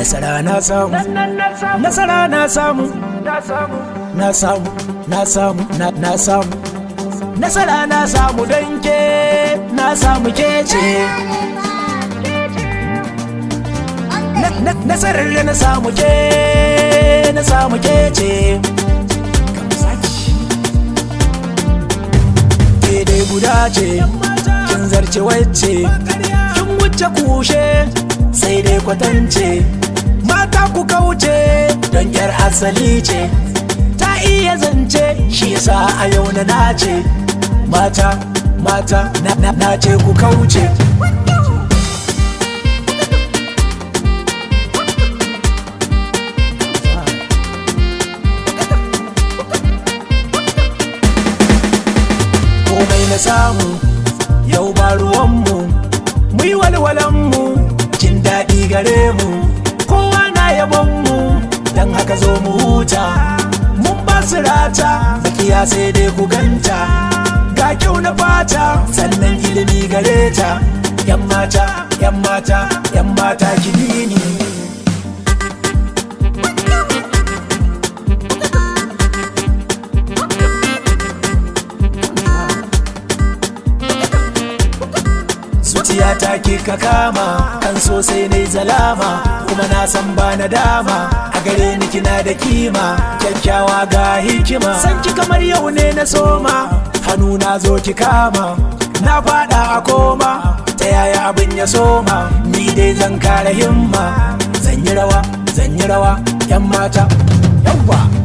nasara na samu nasara na samu na samu na samu na samu nasara na samu don ke na samu ke ce nasarar da na samu ke na samu ke ce ke dai guda ce kin zarce wacce kin wuce kushe sai dai kwatance mata ku kauce don yar asali ce ta iya zance shi yasa a yau na nace mata mata na nace ku kauce komai na samu yau ba ruwanmu mu yi walwalanmu jin daɗi gare mu sai dai ku ganta ga kyau na fata sannan ilimi gare ta yan mata yan mata yan mata ki ni ta ke ka kama kan sosai na zalama kuma na san ba na dama gare ni kina da kima kyakkyawa ga hikima san ki kamar yau ne na soma hannu na zo ki kama na fada a koma ta yaya abin ya soma ni dai zan kara himma zan yi rawa zan yi rawa yan mata yawwa